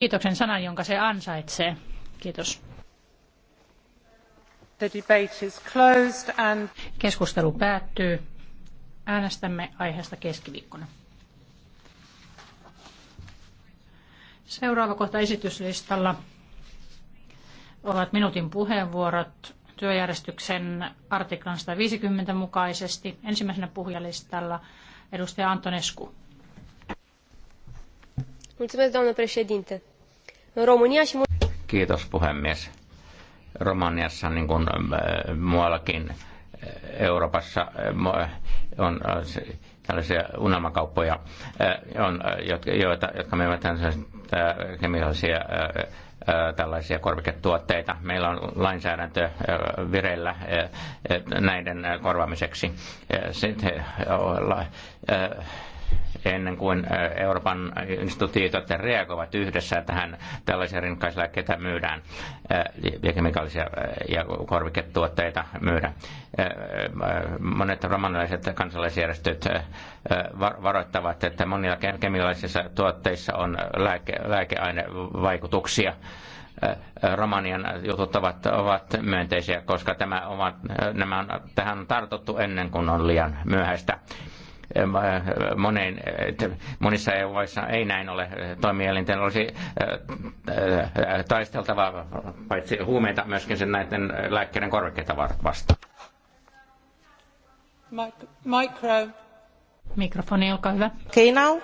kiitoksen sanan, jonka se ansaitsee. Kiitos. The debate is closed and... Keskustelu päättyy. Äänestämme aiheesta keskiviikkona. Seuraava kohta esityslistalla ovat minuutin puheenvuorot työjärjestyksen artiklan 150 mukaisesti. Ensimmäisenä puhujalistalla edustaja Antonescu. În România și... Kiitos, puhemies. Romaniassa, niin kuin eh, muuallakin eh, Euroopassa, eh, on tällaisia unelmakauppoja, on, jotka myyvät kemiallisia tällaisia korviketuotteita. Meillä on lainsäädäntö vireillä näiden korvaamiseksi. Sitten ennen kuin Euroopan instituutiot reagoivat yhdessä tähän tällaisia rinkkaislääkkeitä myydään ja kemikaalisia ja korviketuotteita myydään. Monet romanilaiset kansalaisjärjestöt varoittavat, että monilla kemikaalisissa tuotteissa on lääke, lääkeainevaikutuksia. Romanian jutut ovat, ovat myönteisiä, koska tämä on nämä on, tähän on tartuttu ennen kuin on liian myöhäistä. Äh, Monein, monissa EU-maissa ei näin ole. Toimielinten olisi äh, äh, taisteltava paitsi huumeita myöskin sen näiden lääkkeiden korvikkeita vastaan. Micro. Mikrofoni, olkaa hyvä. Okay now.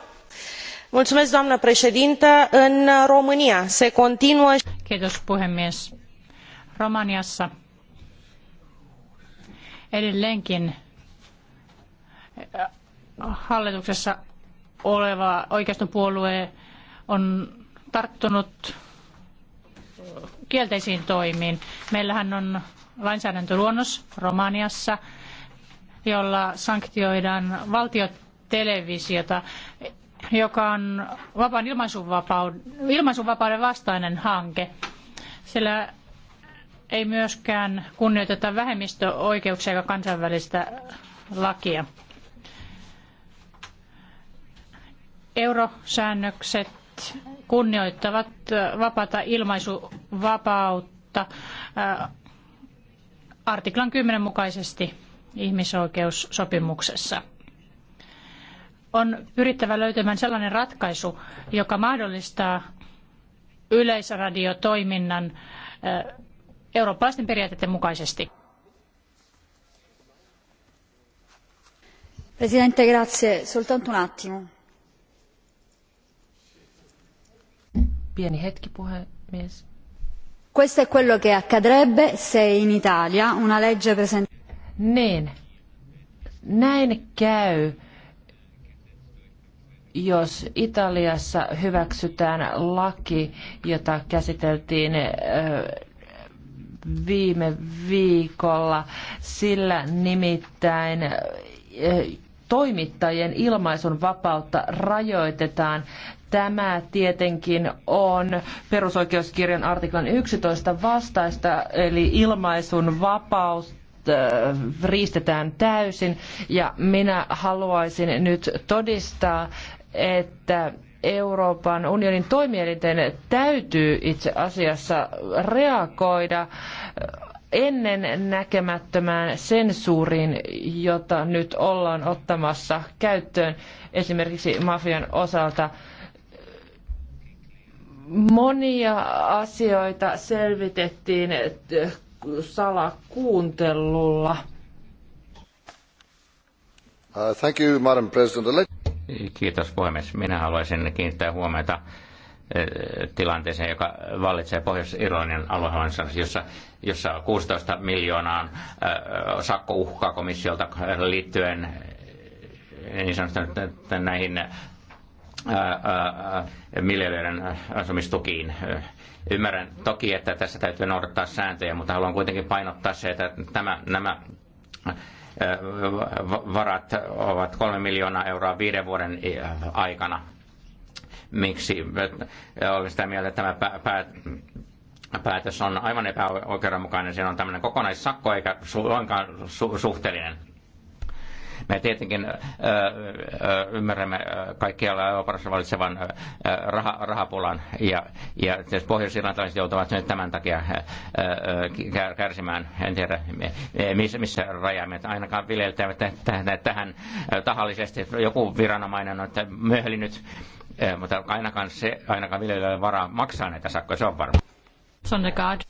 Mulțumesc, doamnă președintă. În România se continuă... Kiitos, puhemies. Romaniassa edelleenkin hallituksessa oleva oikeiston puolue on tarttunut kielteisiin toimiin. Meillähän on lainsäädäntöluonnos Romaniassa, jolla sanktioidaan valtiotelevisiota, joka on vapaan ilmaisunvapauden vastainen hanke. Sillä ei myöskään kunnioiteta vähemmistöoikeuksia eikä kansainvälistä lakia. Eurosäännökset kunnioittavat vapaata ilmaisuvapautta äh, artiklan 10 mukaisesti ihmisoikeussopimuksessa. On pyrittävä löytämään sellainen ratkaisu, joka mahdollistaa yleisradiotoiminnan äh, eurooppalaisten periaatteiden mukaisesti. Presidente, grazie. Soltanto un attimo. Pieni hetki, puhemies. Questo è quello che accadrebbe se in Italia una legge present... Niin. Näin käy, jos Italiassa hyväksytään laki, jota käsiteltiin ö, viime viikolla, sillä nimittäin ö, toimittajien ilmaisun vapautta rajoitetaan Tämä tietenkin on perusoikeuskirjan artiklan 11 vastaista, eli ilmaisun vapaus äh, riistetään täysin ja minä haluaisin nyt todistaa, että Euroopan unionin toimielinten täytyy itse asiassa reagoida ennen näkemättömään sensuuriin, jota nyt ollaan ottamassa käyttöön esimerkiksi mafian osalta monia asioita selvitettiin salakuuntelulla. Uh, thank you, Madam President. Kiitos puhemies. Minä haluaisin kiinnittää huomiota eh, tilanteeseen, joka vallitsee Pohjois-Irlannin aluehallinnossa, jossa, jossa 16 miljoonaan eh, sakko uhkaa komissiolta liittyen eh, niin sanottu, näihin miljardien asumistukiin. Ymmärrän toki, että tässä täytyy noudattaa sääntöjä, mutta haluan kuitenkin painottaa se, että tämä, nämä varat ovat kolme miljoonaa euroa viiden vuoden aikana. Miksi olen sitä mieltä, että tämä pää, päätös on aivan epäoikeudenmukainen. Siinä on tämmöinen kokonaissakko eikä su, suhteellinen me tietenkin ymmärrämme kaikkialla Euroopassa valitsevan raha, rahapulan ja, ja pohjois-irlantilaiset joutuvat nyt tämän takia kärsimään. En tiedä, missä, missä rajamme. että Ainakaan viljeltävät tähän tahallisesti. Joku viranomainen on myöhälinyt, mutta ainakaan, se, ainakaan viljelijöille varaa maksaa näitä sakkoja, se on varma. Sonnegaard.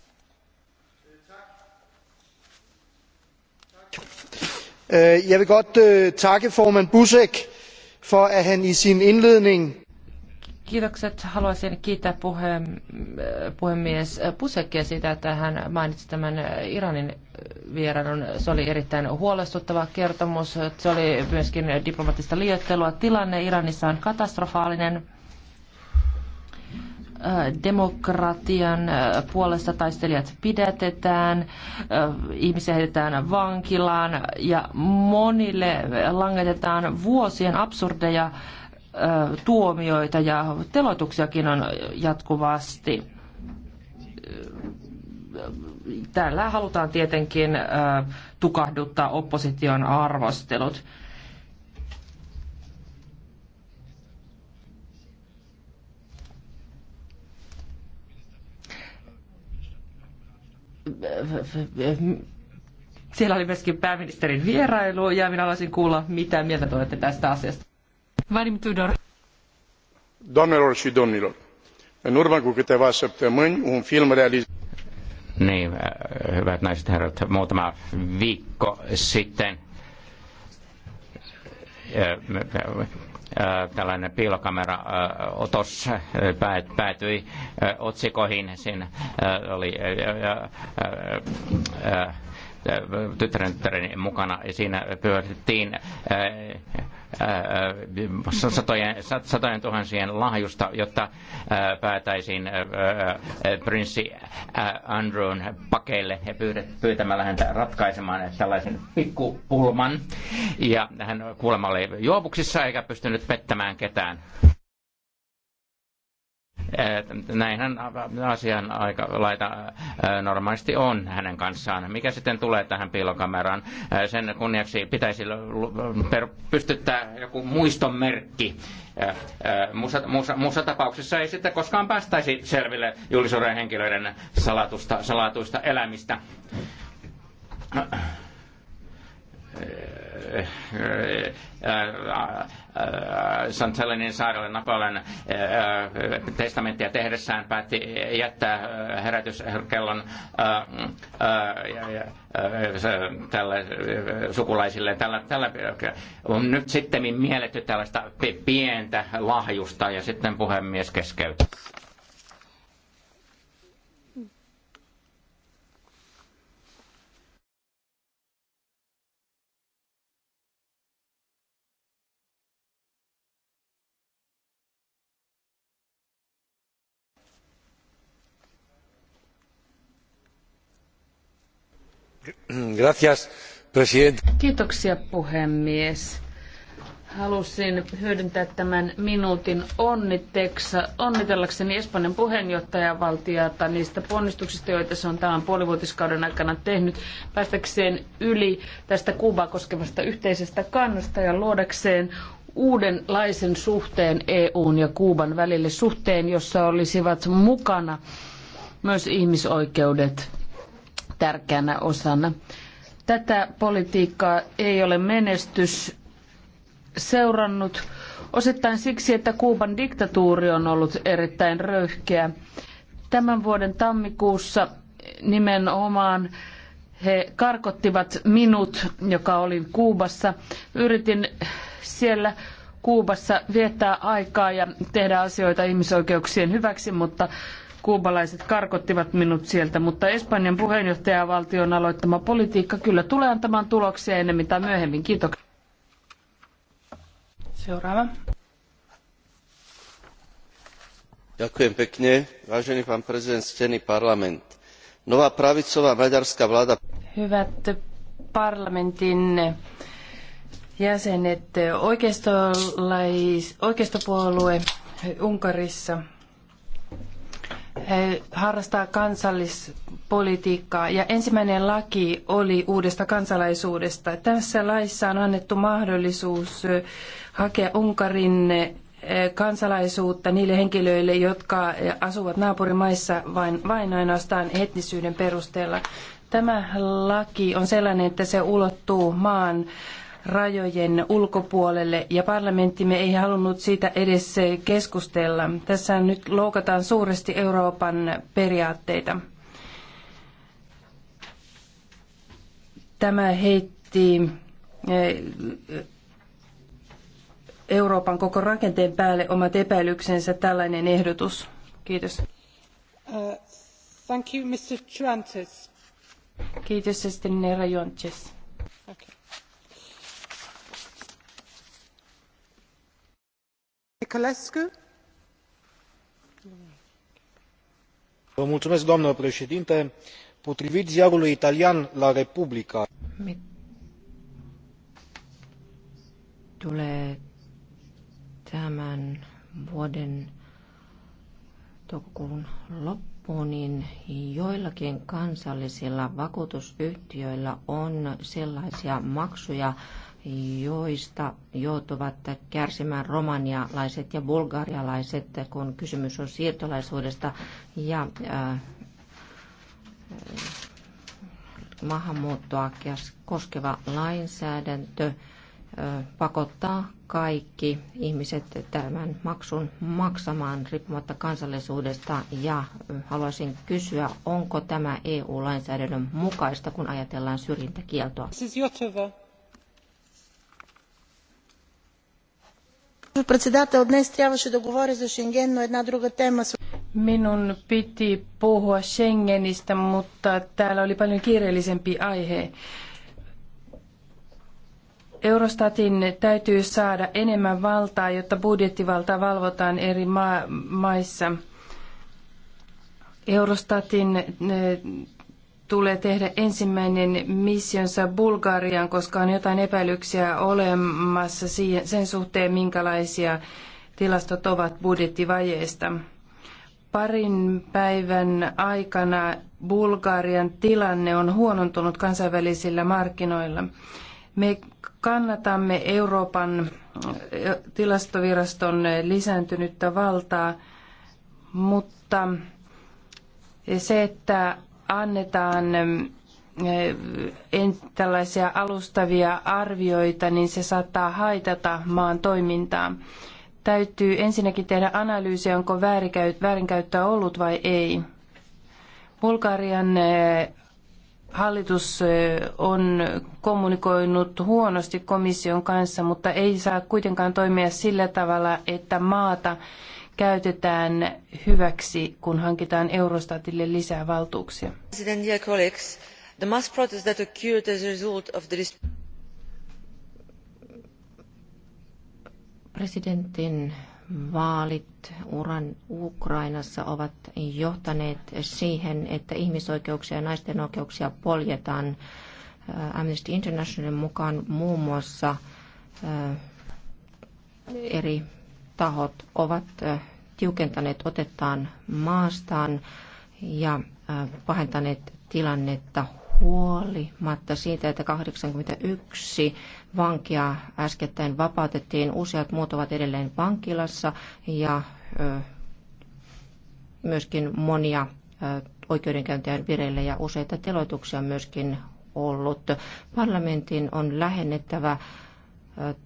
Øh, jeg vil godt øh, takke formand buzek for at han i sin indledning Kiitokset. Haluaisin kiittää puhe, puhemies Pusekia siitä, että hän mainitsi tämän Iranin vierailun. Se oli erittäin huolestuttava kertomus. Se oli myöskin diplomaattista liioittelua. Tilanne Iranissa on katastrofaalinen demokratian puolesta taistelijat pidätetään, ihmisiä heitetään vankilaan ja monille langetetaan vuosien absurdeja tuomioita ja teloituksiakin on jatkuvasti. Täällä halutaan tietenkin tukahduttaa opposition arvostelut. siellä oli myöskin pääministerin vierailu ja minä haluaisin kuulla, mitä mieltä te olette tästä asiasta. Vadim Tudor. Doamnelor și domnilor, în urmă cu câteva săptămâni, un film realizat... Niin, äh, hyvät naiset ja herrat, muutama viikko sitten äh, Äh, tällainen piilokamera-otos äh, äh, päätyi otsikoihin. Siinä oli Äh, tyttären, mukana ja Siinä pyörittiin äh, äh, satojen, satojen tuhansien lahjusta, jotta päätäisiin prinssi Andrewn pakeille ja pyytämällä häntä ratkaisemaan tällaisen pikkupulman. Ja hän kuulemma oli juovuksissa eikä pystynyt pettämään ketään näinhän asian aika laita normaalisti on hänen kanssaan. Mikä sitten tulee tähän piilokameraan? Sen kunniaksi pitäisi pystyttää joku muistomerkki. Muussa, muussa, muussa tapauksessa ei sitten koskaan päästäisi selville julkisuuden henkilöiden salatusta, salatuista elämistä Äh, Santelinin saarelle Napoleon äh, testamenttia tehdessään päätti jättää äh, herätyskellon tälle sukulaisille. Tällä, tällä on nyt sitten mielletty tällaista pientä lahjusta ja sitten puhemies keskeytti. Kiitoksia puhemies. Halusin hyödyntää tämän minuutin onnitellakseni Espanjan puheenjohtajavaltiota niistä ponnistuksista, joita se on tämän puolivuotiskauden aikana tehnyt päästäkseen yli tästä Kuubaa koskevasta yhteisestä kannasta ja luodakseen uudenlaisen suhteen EUn ja Kuuban välille suhteen, jossa olisivat mukana myös ihmisoikeudet tärkeänä osana. Tätä politiikkaa ei ole menestys seurannut osittain siksi, että Kuuban diktatuuri on ollut erittäin röyhkeä. Tämän vuoden tammikuussa nimenomaan he karkottivat minut, joka olin Kuubassa. Yritin siellä Kuubassa viettää aikaa ja tehdä asioita ihmisoikeuksien hyväksi, mutta kuubalaiset karkottivat minut sieltä, mutta Espanjan puheenjohtajavaltion aloittama politiikka kyllä tulee antamaan tuloksia ennemmin tai myöhemmin. Kiitoksia. Seuraava. Ďakujem pekne. Vážený pán prezident, stený parlament. Nová pravicová maďarská vláda... Hyvät parlamentin jäsenet, oikeistolais, oikeistopuolue Unkarissa harrastaa kansallispolitiikkaa ja ensimmäinen laki oli uudesta kansalaisuudesta. Tässä laissa on annettu mahdollisuus hakea Unkarin kansalaisuutta niille henkilöille, jotka asuvat naapurimaissa vain, vain ainoastaan etnisyyden perusteella. Tämä laki on sellainen, että se ulottuu maan rajojen ulkopuolelle ja parlamenttimme ei halunnut siitä edes keskustella. Tässä nyt loukataan suuresti Euroopan periaatteita. Tämä heitti eh, Euroopan koko rakenteen päälle omat epäilyksensä tällainen ehdotus. Kiitos. Uh, thank you, Mr. Kiitos, Estelina Rajontes. potrivit ziarului italian la repubblica tämän vuoden toukokuun loppuun, niin joillakin kansallisilla vakuutusyhtiöillä on sellaisia maksuja, joista joutuvat kärsimään romanialaiset ja bulgarialaiset, kun kysymys on siirtolaisuudesta ja ää, äh, maahanmuuttoa koskeva lainsäädäntö äh, pakottaa kaikki ihmiset tämän maksun maksamaan riippumatta kansallisuudesta ja äh, haluaisin kysyä, onko tämä EU-lainsäädännön mukaista, kun ajatellaan syrjintäkieltoa? Siis Председател, днес трябваше да Minun piti puhua Schengenistä, mutta täällä oli paljon kiireellisempi aihe. Eurostatin täytyy saada enemmän valtaa, jotta budjettivaltaa valvotaan eri maissa. Eurostatin eh, tulee tehdä ensimmäinen missionsa Bulgariaan, koska on jotain epäilyksiä olemassa sen suhteen, minkälaisia tilastot ovat budjettivajeesta. Parin päivän aikana Bulgarian tilanne on huonontunut kansainvälisillä markkinoilla. Me kannatamme Euroopan tilastoviraston lisääntynyttä valtaa, mutta se, että annetaan ähm, äh, en, tällaisia alustavia arvioita, niin se saattaa haitata maan toimintaa. Täytyy ensinnäkin tehdä analyysi, onko väärinkäyttöä ollut vai ei. Bulgarian äh, hallitus äh, on kommunikoinut huonosti komission kanssa, mutta ei saa kuitenkaan toimia sillä tavalla, että maata käytetään hyväksi, kun hankitaan Eurostatille lisää valtuuksia. presidentin vaalit Uran Ukrainassa ovat johtaneet siihen, että ihmisoikeuksia ja naisten oikeuksia poljetaan. Äh, Amnesty Internationalin mukaan muun muassa äh, eri tahot ovat tiukentaneet otettaan maastaan ja pahentaneet tilannetta huolimatta siitä, että 81 vankia äskettäin vapautettiin. Useat muut ovat edelleen vankilassa ja myöskin monia oikeudenkäyntiä vireille ja useita teloituksia myöskin ollut. Parlamentin on lähennettävä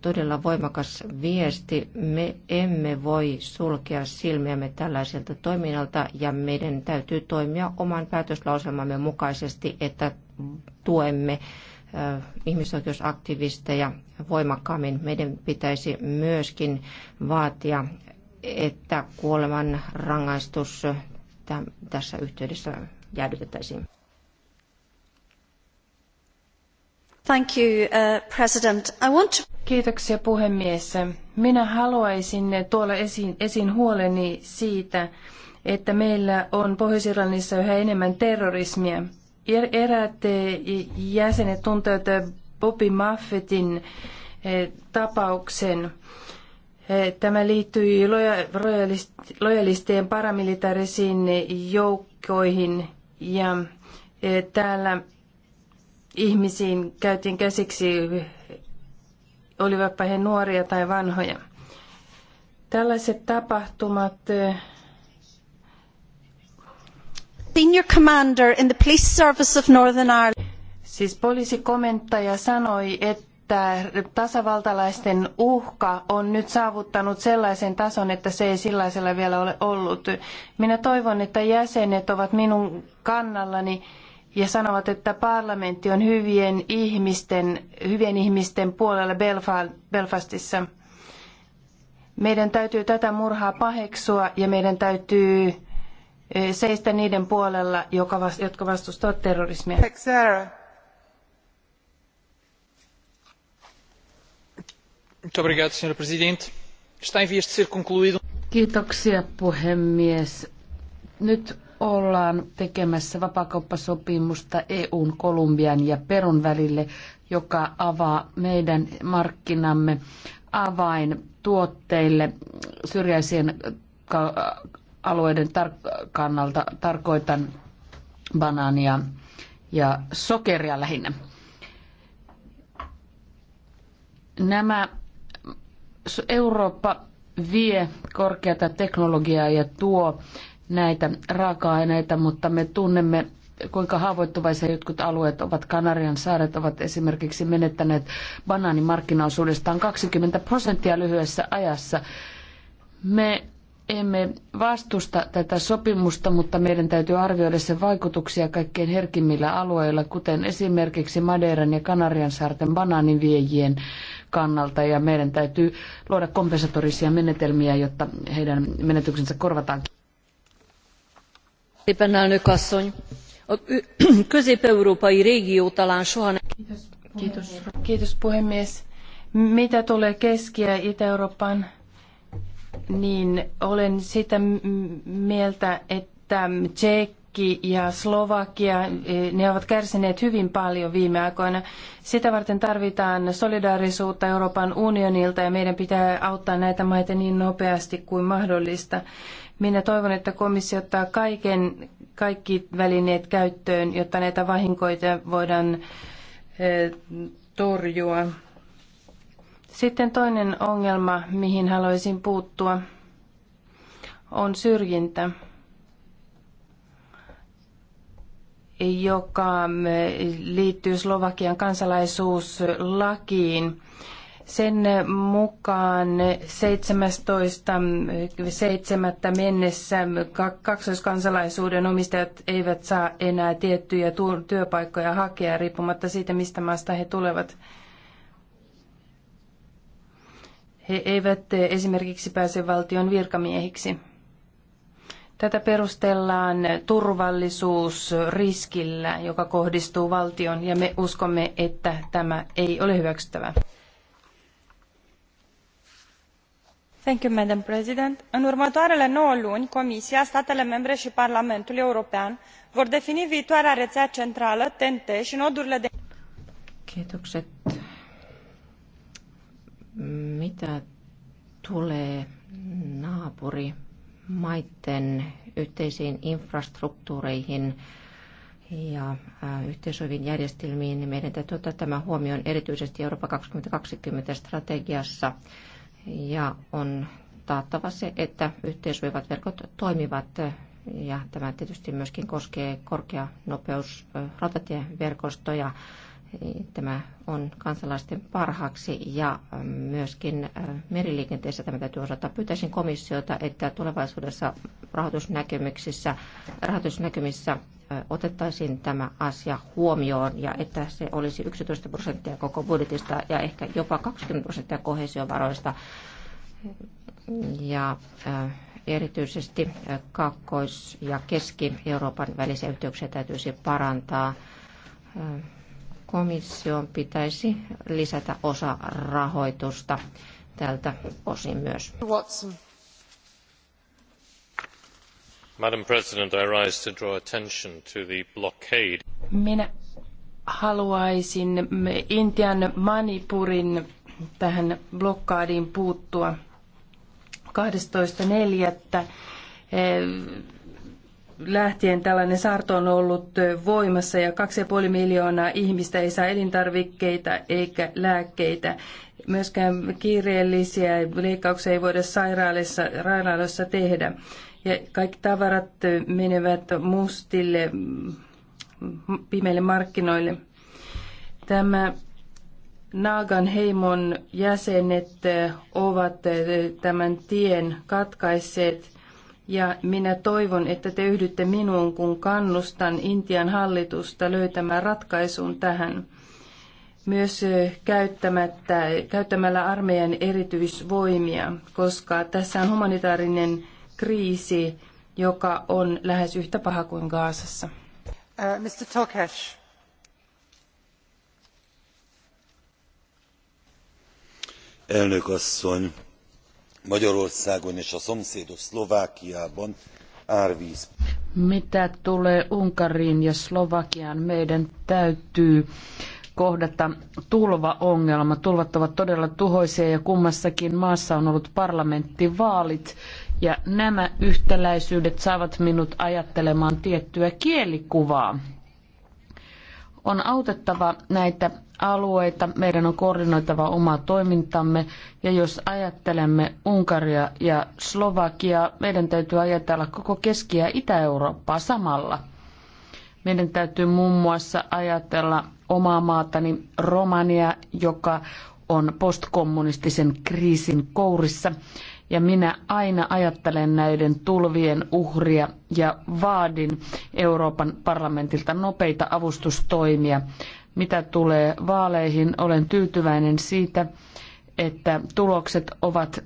todella voimakas viesti. Me emme voi sulkea silmiämme tällaiselta toiminnalta ja meidän täytyy toimia oman päätöslauselmamme mukaisesti, että tuemme ihmisoikeusaktivisteja voimakkaammin. Meidän pitäisi myöskin vaatia, että kuoleman rangaistus tässä yhteydessä jäädytettäisiin. Uh, Kiitoksia puhemies. Minä haluaisin tuolla esiin, esiin huoleni siitä, että meillä on Pohjois-Irlannissa yhä enemmän terrorismia. Er, eräät eh, jäsenet tuntevat eh, Bobby Muffetin eh, tapauksen. Tämä liittyi lojalistien paramilitaarisiin joukkoihin ja täällä ihmisiin käytiin käsiksi, olivatpa he nuoria tai vanhoja. Tällaiset tapahtumat eh, Senior commander in the police service of Northern Ireland. Siis poliisikomentaja sanoi, että tasavaltalaisten uhka on nyt saavuttanut sellaisen tason, että se ei sellaisella vielä ole ollut. Minä toivon, että jäsenet ovat minun kannallani ja sanovat, että parlamentti on hyvien ihmisten, hyvien ihmisten puolella Belfastissa. Meidän täytyy tätä murhaa paheksua ja meidän täytyy eh, seistä niiden puolella, jotka vastustavat terrorismia. Kiitoksia puhemies. Nyt ollaan tekemässä vapakauppasopimusta EUn, Kolumbian ja Perun välille, joka avaa meidän markkinamme avain tuotteille syrjäisien alueiden tar- kannalta. Tarkoitan banaania ja sokeria lähinnä. Nämä Eurooppa vie korkeata teknologiaa ja tuo näitä raaka-aineita, mutta me tunnemme kuinka haavoittuvaisia jotkut alueet ovat. Kanarian saaret ovat esimerkiksi menettäneet banaanimarkkinaosuudestaan 20 prosenttia lyhyessä ajassa. Me emme vastusta tätä sopimusta, mutta meidän täytyy arvioida sen vaikutuksia kaikkein herkimmillä alueilla, kuten esimerkiksi Madeiran ja Kanarian saarten banaaninviejien kannalta. Ja meidän täytyy luoda kompensatorisia menetelmiä, jotta heidän menetyksensä korvataan a közép európai régió talán soha nem. Kiitos, kiitos, kiitos puhemies. Mitä tulee Keski- ja Itä-Euroopan, niin olen sitä mieltä, että Tsekki ja Slovakia, eh, ne ovat kärsineet hyvin paljon viime aikoina. Sitä varten tarvitaan solidaarisuutta Euroopan unionilta ja meidän pitää auttaa näitä maita niin nopeasti kuin mahdollista. Minä toivon, että komissio ottaa kaiken, kaikki välineet käyttöön, jotta näitä vahinkoita voidaan torjua. Sitten toinen ongelma, mihin haluaisin puuttua, on syrjintä, joka liittyy Slovakian kansalaisuuslakiin. Sen mukaan 17.7. mennessä kaksoiskansalaisuuden omistajat eivät saa enää tiettyjä työpaikkoja hakea riippumatta siitä, mistä maasta he tulevat. He eivät eh, esimerkiksi pääse valtion virkamiehiksi. Tätä perustellaan turvallisuusriskillä, joka kohdistuu valtion, ja me uskomme, että tämä ei ole hyväksyttävää. în următoarele nouă luni comisia statele membre i parlamentul european vor defini viitoarea reea centrală ten t i nodurile de mitä tulee yhteisiin infrastruktuureihin ja äh, järjestelmiin, niin erityisesti 2020 strategiassa ja on taattava se, että yhteensuojavat verkot toimivat ja tämä tietysti myöskin koskee korkeanopeus rautatieverkostoja. Tämä on kansalaisten parhaaksi ja myöskin meriliikenteessä tämä täytyy osata. Pyytäisin komissiota, että tulevaisuudessa rahoitusnäkemyksissä, rahoitusnäkymissä otettaisiin tämä asia huomioon ja että se olisi 11 prosenttia koko budjetista ja ehkä jopa 20 prosenttia kohesiovaroista. Ja erityisesti Kaakkois- ja Keski-Euroopan välisiä yhteyksiä täytyisi parantaa. Komission pitäisi lisätä osa rahoitusta tältä osin myös. Watson. Madam President, I rise to draw attention to the blockade. Minä haluaisin Intian Manipurin tähän blokkaadiin puuttua. 12.4. Eh, lähtien tällainen saarto on ollut voimassa ja 2,5 miljoonaa ihmistä ei saa elintarvikkeita eikä lääkkeitä. Myöskään kiireellisiä leikkauksia ei voida sairaalassa, sairaalassa tehdä ja kaikki tavarat menevät mustille, pimeille markkinoille. Tämä Naagan heimon jäsenet ovat tämän tien katkaisseet ja minä toivon, että te yhdytte minuun, kun kannustan Intian hallitusta löytämään ratkaisun tähän. Myös käyttämättä, käyttämällä armeijan erityisvoimia, koska tässä on humanitaarinen kriisi, joka on lähes yhtä paha kuin Gaasassa. Uh, Mr. Tokesh. Elnök asszony, Magyarországon és a szomszédos Szlovákiában árvíz. Mitä tulee Unkariin ja Slovakiaan, meidän täytyy kohdata tulvaongelma. Tulvat ovat todella tuhoisia ja kummassakin maassa on ollut parlamenttivaalit ja nämä yhtäläisyydet saavat minut ajattelemaan tiettyä kielikuvaa. On autettava näitä alueita, meidän on koordinoitava omaa toimintamme ja jos ajattelemme Unkaria ja Slovakiaa, meidän täytyy ajatella koko Keski- ja Itä-Eurooppaa samalla. Meidän täytyy muun muassa ajatella omaa maatani Romania, joka on postkommunistisen kriisin kourissa ja minä aina ajattelen näiden tulvien uhria ja vaadin Euroopan parlamentilta nopeita avustustoimia. Mitä tulee vaaleihin, olen tyytyväinen siitä, että tulokset ovat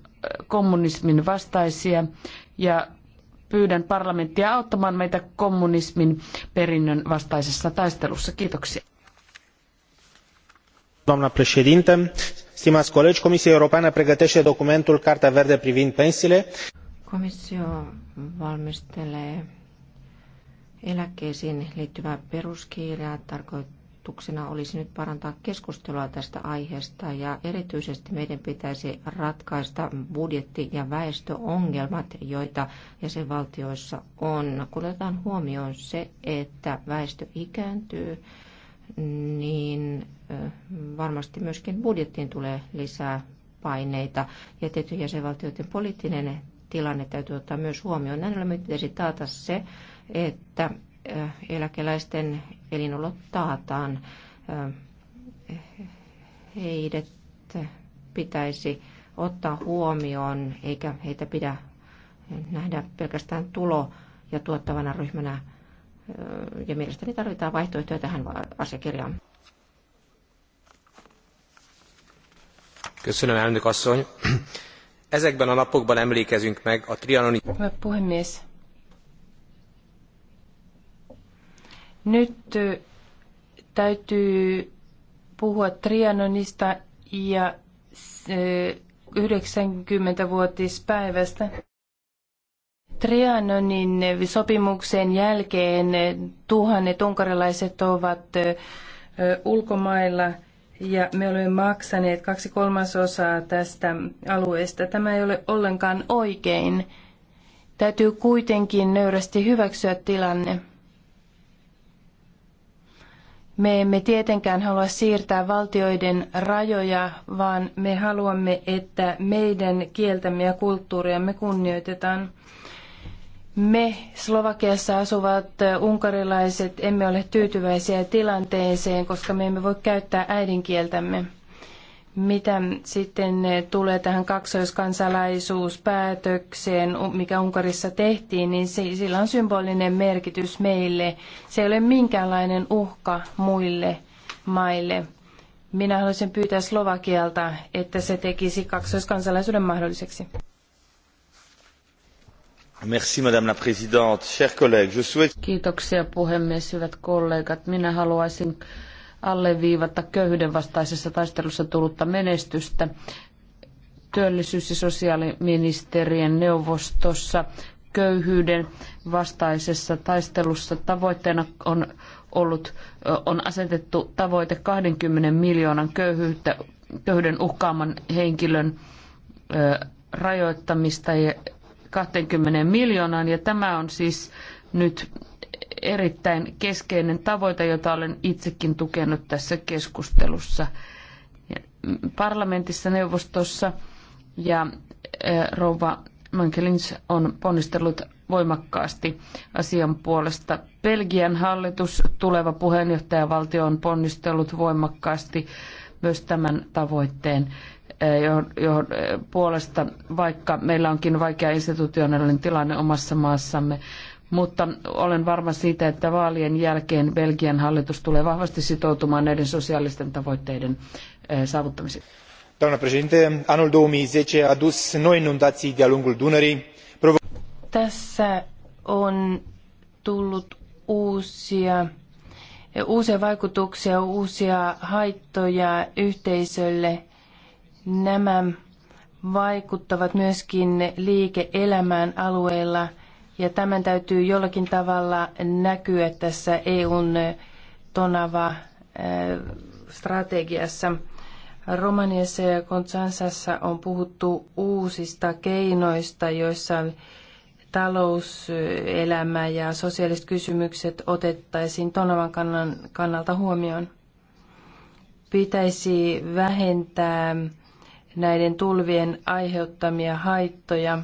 kommunismin vastaisia ja pyydän parlamenttia auttamaan meitä kommunismin perinnön vastaisessa taistelussa. Kiitoksia. Doamna președinte, comisia europeană pregătete documentul cartea verde privind pensiile komissio valmistelee eläkkeisiin liittyvää peruskiirää. Tarkoituksena olisi nyt parantaa keskustelua tästä aiheesta ja erityisesti meidän pitäisi ratkaista budjetti- ja väestöongelmat, joita jäsenvaltioissa on. Kun otetaan huomioon se, että väestö ikääntyy, niin varmasti myöskin budjettiin tulee lisää paineita ja tietyn jäsenvaltioiden poliittinen tilanne täytyy ottaa myös huomioon. Näin olemme pitäisi taata se, että eläkeläisten elinolot taataan. Heidät pitäisi ottaa huomioon, eikä heitä pidä nähdä pelkästään tulo- ja tuottavana ryhmänä, ja mielestäni tarvitaan vaihtoehtoja tähän asiakirjaan. Köszönöm, elnök asszony. Ezekben a napokban emlékezünk meg a trianoni... Hyvä puhemies. Nyt täytyy puhua Trianonista ja 90-vuotispäivästä. Trianonin sopimuksen jälkeen tuhannet unkarilaiset ovat ulkomailla ja me olemme maksaneet kaksi kolmasosaa tästä alueesta. Tämä ei ole ollenkaan oikein. Täytyy kuitenkin nöyrästi hyväksyä tilanne. Me emme tietenkään halua siirtää valtioiden rajoja, vaan me haluamme, että meidän kieltämme ja kulttuuriamme kunnioitetaan. Me Slovakiassa asuvat unkarilaiset emme ole tyytyväisiä tilanteeseen, koska me emme voi käyttää äidinkieltämme. Mitä sitten tulee tähän kaksoiskansalaisuuspäätökseen, mikä Unkarissa tehtiin, niin sillä on symbolinen merkitys meille. Se ei ole minkäänlainen uhka muille maille. Minä haluaisin pyytää Slovakialta, että se tekisi kaksoiskansalaisuuden mahdolliseksi madame la présidente chers collègues je souhaite. kiitoksia puhemies hyvät kollegat minä haluaisin alleviivata köyhyyden vastaisessa taistelussa tullutta menestystä. työllisyys ja sosiaaliministerien neuvostossa köyhyyden vastaisessa taistelussa tavoitteena on ollut on asetettu tavoite 20 miljoonan köyhyyttä, köyhyyden uhkaaman henkilön rajoittamista ja 20 miljoonaan ja tämä on siis nyt erittäin keskeinen tavoite, jota olen itsekin tukenut tässä keskustelussa parlamentissa, neuvostossa ja rouva Mankelins on ponnistellut voimakkaasti asian puolesta. Belgian hallitus, tuleva puheenjohtajavaltio on ponnistellut voimakkaasti myös tämän tavoitteen Eh, johon, johon, eh, puolesta, vaikka meillä onkin vaikea institutionaalinen tilanne omassa maassamme. Mutta olen varma siitä, että vaalien jälkeen Belgian hallitus tulee vahvasti sitoutumaan näiden sosiaalisten tavoitteiden eh, saavuttamiseen. Doamna președinte, anul 2010 a adus noi inundații de-a lungul Dunării. Tässä on tullut uusia uusia vaikutuksia, uusia haittoja yhteisölle Nämä vaikuttavat myöskin liike-elämään alueella ja tämän täytyy jollakin tavalla näkyä tässä EUn tonava äh, strategiassa. Romaniassa ja Konsansassa on puhuttu uusista keinoista, joissa talouselämä ja sosiaaliset kysymykset otettaisiin Tonavan kannalta huomioon. Pitäisi vähentää näiden tulvien aiheuttamia haittoja.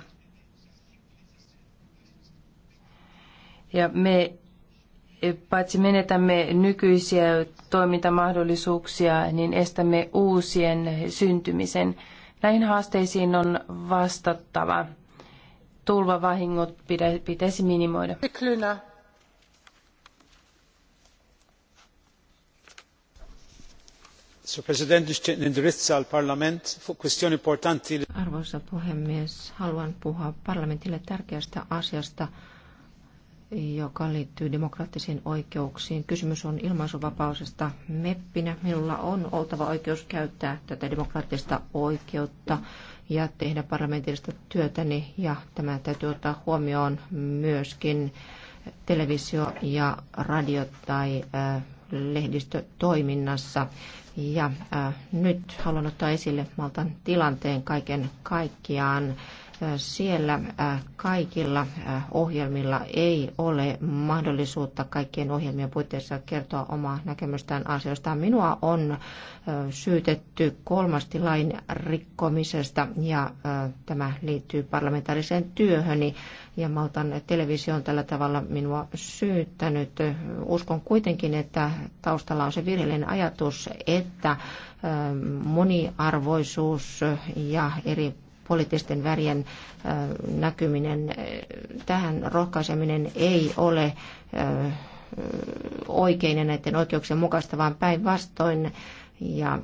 Ja me paitsi menetämme nykyisiä toimintamahdollisuuksia, niin estämme uusien syntymisen. Näihin haasteisiin on vastattava. Tulvavahingot pitäisi minimoida. Arvoisa puhemies, haluan puhua parlamentille tärkeästä asiasta, joka liittyy demokraattisiin oikeuksiin. Kysymys on ilmaisuvapaudesta meppinä. Minulla on oltava oikeus käyttää tätä demokraattista oikeutta ja tehdä parlamentillista työtäni ja tämä täytyy ottaa huomioon myöskin televisio ja radio tai lehdistötoiminnassa. Ja äh, nyt haluan ottaa esille Maltan tilanteen kaiken kaikkiaan. Siellä kaikilla ohjelmilla ei ole mahdollisuutta kaikkien ohjelmien puitteissa kertoa omaa näkemystään asioista. Minua on syytetty kolmasti lain rikkomisesta ja tämä liittyy parlamentaariseen työhöni. Niin ja mä televisio on tällä tavalla minua syyttänyt. Uskon kuitenkin, että taustalla on se virheellinen ajatus, että ähm, moniarvoisuus ja eri poliittisten värien äh, näkyminen, äh, tähän rohkaiseminen ei ole äh, oikein ja näiden oikeuksien mukaista, vaan päinvastoin ja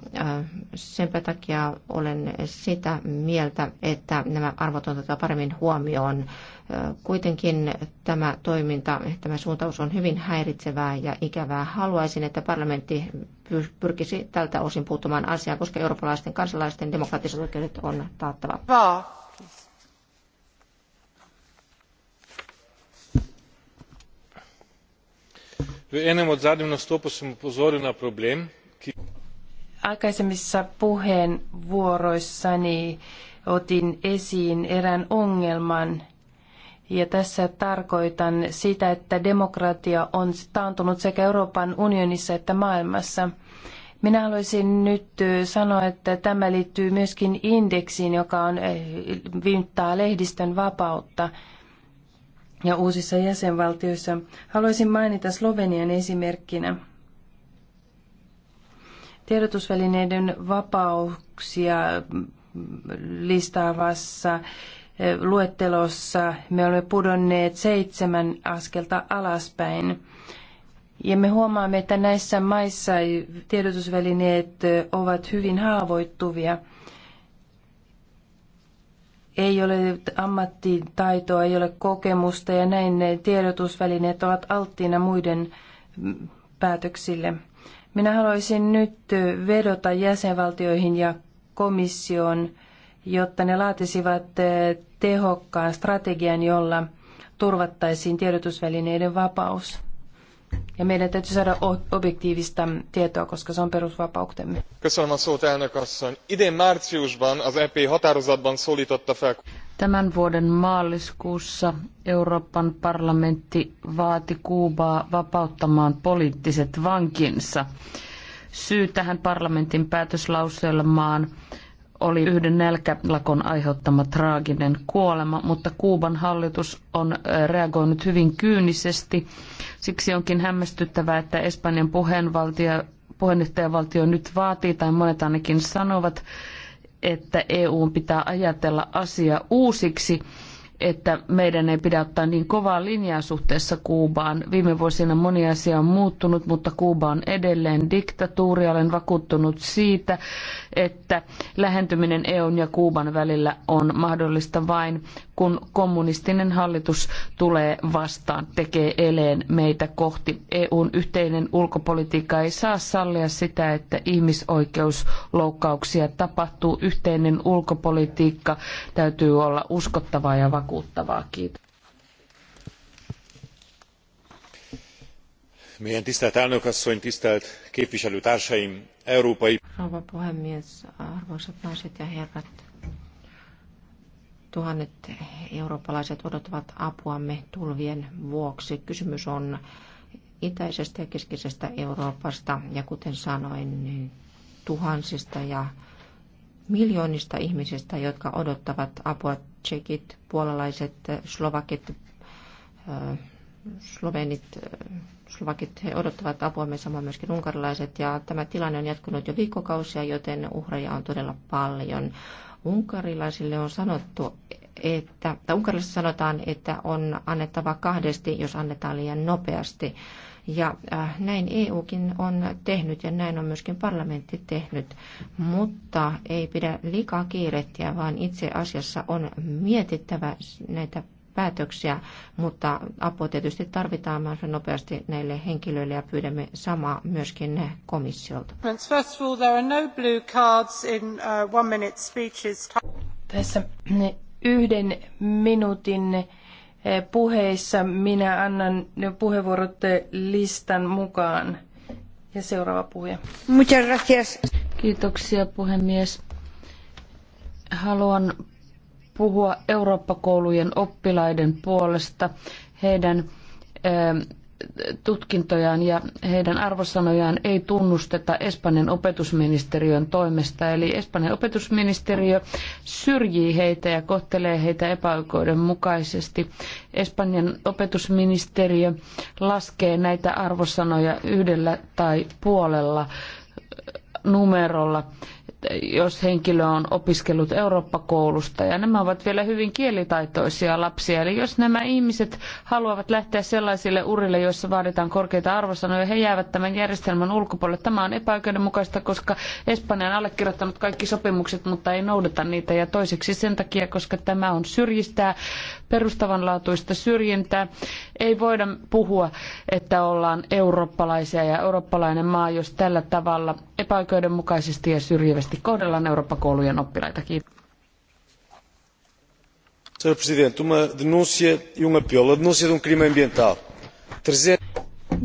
senpä takia olen sitä mieltä, että nämä arvot on paremmin huomioon Kuitenkin tämä toiminta, tämä suuntaus on hyvin häiritsevää ja ikävää. Haluaisin, että parlamentti pyrkisi tältä osin puuttumaan asiaan, koska eurooppalaisten kansalaisten demokraattiset oikeudet on taattava. Vaa. aikaisemmissa puheenvuoroissani otin esiin erään ongelman ja tässä tarkoitan sitä, että demokratia on taantunut sekä Euroopan unionissa että maailmassa. Minä haluaisin nyt sanoa, että tämä liittyy myöskin indeksiin, joka on eh, viittaa lehdistön vapautta ja uusissa jäsenvaltioissa. Haluaisin mainita Slovenian esimerkkinä. Tiedotusvälineiden vapauksia listaavassa luettelossa me olemme pudonneet seitsemän askelta alaspäin. Ja me huomaamme, että näissä maissa tiedotusvälineet ovat hyvin haavoittuvia. Ei ole ammattitaitoa, ei ole kokemusta ja näin ne tiedotusvälineet ovat alttiina muiden päätöksille. Minä haluaisin nyt vedota jäsenvaltioihin ja komissioon jotta ne laatisivat eh, tehokkaan strategian, jolla turvattaisiin tiedotusvälineiden vapaus. Ja meidän täytyy saada objektiivista tietoa, koska se on perusvapautemme. Köszönöm a szót, elnök asszony. Idén márciusban az EP határozatban szólította fel... Tämän vuoden maaliskuussa Euroopan parlamentti vaati Kuubaa vapauttamaan poliittiset vankinsa. Syy tähän parlamentin päätöslauselmaan oli yhden nälkälakon aiheuttama traaginen kuolema, mutta Kuuban hallitus on reagoinut hyvin kyynisesti. Siksi onkin hämmästyttävää, että Espanjan puheenjohtajavaltio nyt vaatii, tai monet ainakin sanovat, että EU pitää ajatella asia uusiksi että meidän ei pidä ottaa niin kovaa linjaa suhteessa Kuubaan. Viime vuosina moni asia on muuttunut, mutta Kuuba on edelleen diktatuuri. Olen vakuuttunut siitä, että lähentyminen EUn ja Kuuban välillä on mahdollista vain, kun kommunistinen hallitus tulee vastaan, tekee eleen meitä kohti. EUn yhteinen ulkopolitiikka ei saa sallia sitä, että ihmisoikeusloukkauksia tapahtuu. Yhteinen ulkopolitiikka täytyy olla uskottavaa ja vakuuttavaa. Kiitos. mélyen tisztelt elnök asszony tisztelt képviselőtársaim európai. rouva puhemies arvoisat naiset ja herrat tuhannet eurooppalaiset odottavat apuamme tulvien vuoksi. Kysymys on itäisestä ja keskisestä Euroopasta ja kuten sanoin niin tuhansista ja miljoonista ihmisistä, jotka odottavat apua. Tsekit, puolalaiset, slovakit, slovenit, äh, slovakit, he odottavat apuamme, samoin myöskin unkarilaiset. Ja tämä tilanne on jatkunut jo viikkokausia, joten uhreja on todella paljon. Unkarilaisille on sanottu, että, tai unkarilaisille sanotaan, että on annettava kahdesti, jos annetaan liian nopeasti. Ja äh, näin EUkin on tehnyt ja näin on myöskin parlamentti tehnyt, mutta ei pidä liikaa kiirettiä, vaan itse asiassa on mietittävä näitä päätöksiä, mutta apua tietysti tarvitaan myös nopeasti näille henkilöille ja pyydämme samaa myöskin no uh, ne komissiolta. Tässä yhden minuutin eh, puheissa minä annan puheenvuorot eh, listan mukaan. Ja seuraava puhuja. Muchas gracias. Kiitoksia puhemies. Haluan puhua Eurooppa-koulujen oppilaiden puolesta, heidän eh, tutkintojaan ja heidän arvosanojaan ei tunnusteta Espanjan opetusministeriön toimesta. Eli Espanjan opetusministeriö syrjii heitä ja kohtelee heitä epäoikeudenmukaisesti. Espanjan opetusministeriö laskee näitä arvosanoja yhdellä tai puolella numerolla jos henkilö on opiskellut Eurooppa-koulusta. Ja nämä ovat vielä hyvin kielitaitoisia lapsia. Eli jos nämä ihmiset haluavat lähteä sellaisille urille, joissa vaaditaan korkeita arvosanoja, he jäävät tämän järjestelmän ulkopuolelle. Tämä on epäoikeudenmukaista, koska Espanja on allekirjoittanut kaikki sopimukset, mutta ei noudata niitä. Ja toiseksi sen takia, koska tämä on syrjistää, perustavanlaatuista syrjintää. Ei voida puhua, että ollaan eurooppalaisia ja eurooppalainen maa, jos tällä tavalla epäoikeudenmukaisesti ja syrjivästi vakavasti kohdellaan Eurooppa-koulujen oppilaita. Senhor Presidente, uma denúncia e um apelo. A denúncia de um crime ambiental.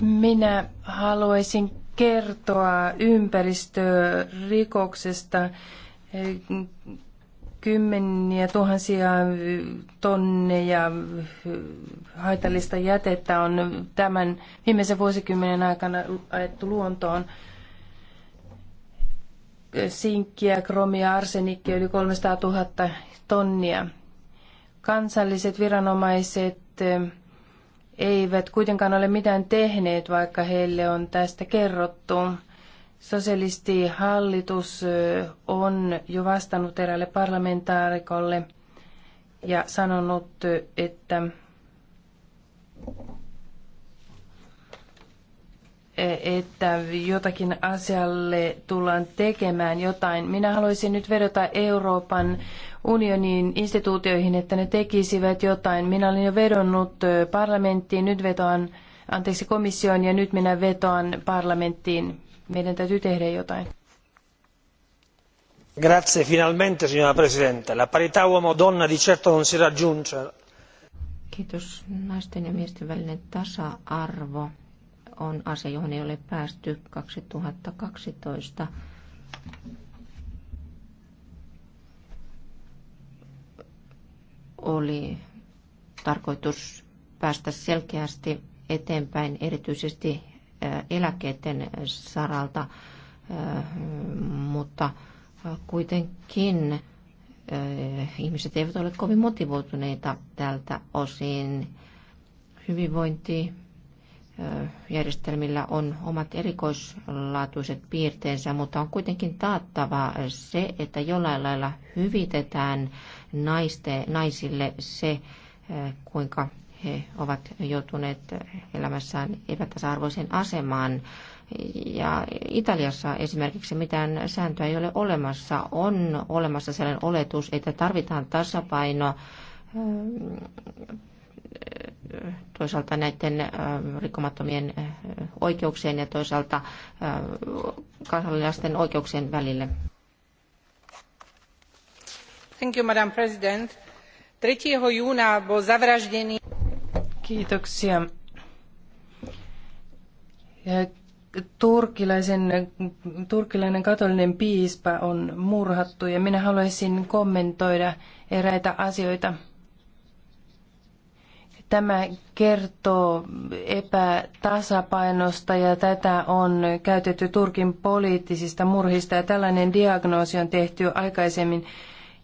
Minä haluaisin kertoa ympäristörikoksesta kymmeniä tuhansia tonneja haitallista jätettä on tämän viimeisen vuosikymmenen aikana ajettu luontoon sinkkiä, kromia, arsenikkiä yli 300 000 tonnia. Kansalliset viranomaiset eh, eivät kuitenkaan ole mitään tehneet, vaikka heille on tästä kerrottu. Sosialistihallitus eh, on jo vastannut eräälle parlamentaarikolle ja sanonut, eh, että että jotakin asialle tullaan tekemään jotain. Minä haluaisin nyt vedota Euroopan unionin instituutioihin, että ne tekisivät jotain. Minä olin jo vedonnut parlamenttiin, nyt vetoan, anteeksi komissioon ja nyt minä vetoan parlamenttiin. Meidän täytyy tehdä jotain. Grazie finalmente signora Presidente. La parità uomo-donna di certo non si raggiunge. Kiitos. Naisten ja miesten välinen tasa-arvo on asia, johon ei ole päästy 2012. Oli tarkoitus päästä selkeästi eteenpäin, erityisesti äh, eläkeiden saralta, äh, mutta kuitenkin äh, ihmiset eivät ole kovin motivoituneita tältä osin. Hyvinvointi järjestelmillä on omat erikoislaatuiset piirteensä, mutta on kuitenkin taattava se, että jollain lailla hyvitetään naiste, naisille se, kuinka he ovat joutuneet elämässään epätasa-arvoiseen asemaan. Ja Italiassa esimerkiksi mitään sääntöä ei ole olemassa. On olemassa sellainen oletus, että tarvitaan tasapaino toisaalta näiden äh, rikkomattomien äh, oikeuksien ja toisaalta äh, kansallisten oikeuksien välille. Thank you, Madam President. 3. júna bol zavraždený... Kiitoksia. Turkilaisen, turkilainen katolinen piispa on murhattu ja minä haluaisin kommentoida eräitä asioita – Tämä kertoo epätasapainosta ja tätä on käytetty Turkin poliittisista murhista ja tällainen diagnoosi on tehty aikaisemmin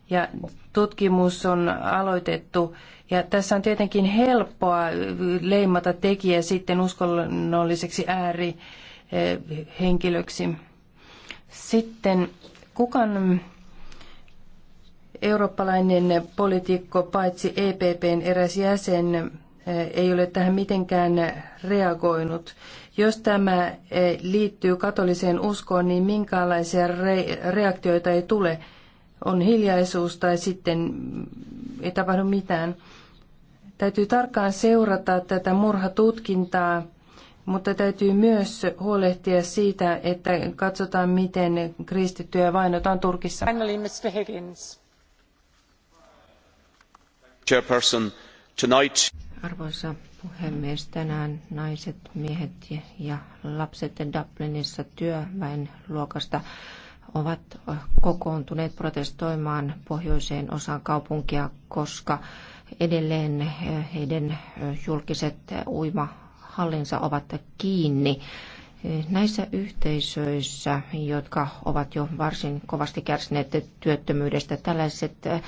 ja tutkimus on aloitettu. Ja tässä on tietenkin helppoa leimata tekijä sitten uskonnolliseksi äärihenkilöksi. Sitten kukan eurooppalainen poliitikko, paitsi EPPn eräs jäsen, eh, ei ole tähän mitenkään reagoinut. Jos tämä eh, liittyy katoliseen uskoon, niin minkälaisia re- reaktioita ei tule. On hiljaisuus tai sitten ei tapahdu mitään. Täytyy tarkkaan seurata tätä murhatutkintaa, mutta täytyy myös huolehtia siitä, että katsotaan, miten kristittyjä vainotaan Turkissa. Finally, Mr. Higgins. Arvoisa puhemies, tänään naiset, miehet ja lapset Dublinissa työväenluokasta ovat kokoontuneet protestoimaan pohjoiseen osaan kaupunkia, koska edelleen heidän julkiset uimahallinsa ovat kiinni. Näissä yhteisöissä, jotka ovat jo varsin kovasti kärsineet työttömyydestä, tällaiset eh,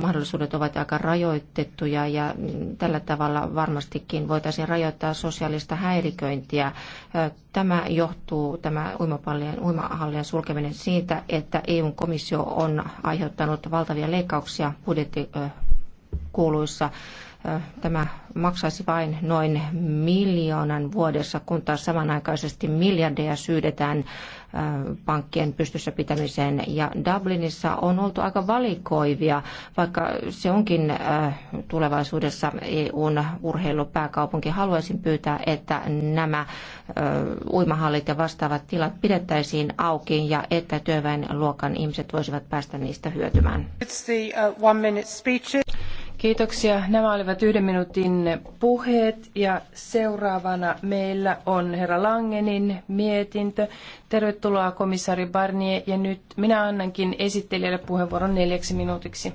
mahdollisuudet ovat aika rajoitettuja ja mm, tällä tavalla varmastikin voitaisiin rajoittaa sosiaalista häiriköintiä. Eh, tämä johtuu, tämä uimapallien, uimahallien sulkeminen siitä, että eu komissio on aiheuttanut valtavia leikkauksia budjettikuuluissa. Eh, kuuluissa tämä maksaisi vain noin miljoonan vuodessa, kun taas samanaikaisesti miljardeja syydetään pankkien pystyssä pitämiseen. Ja Dublinissa on oltu aika valikoivia, vaikka se onkin tulevaisuudessa EUn urheilupääkaupunki. Haluaisin pyytää, että nämä uimahallit ja vastaavat tilat pidettäisiin auki ja että työväenluokan ihmiset voisivat päästä niistä hyötymään. It's the, uh, one Kiitoksia. Nämä olivat yhden minuutin puheet ja seuraavana meillä on herra Langenin mietintö. Tervetuloa komissaari Barnier ja nyt minä annankin esittelijälle puheenvuoron neljäksi minuutiksi.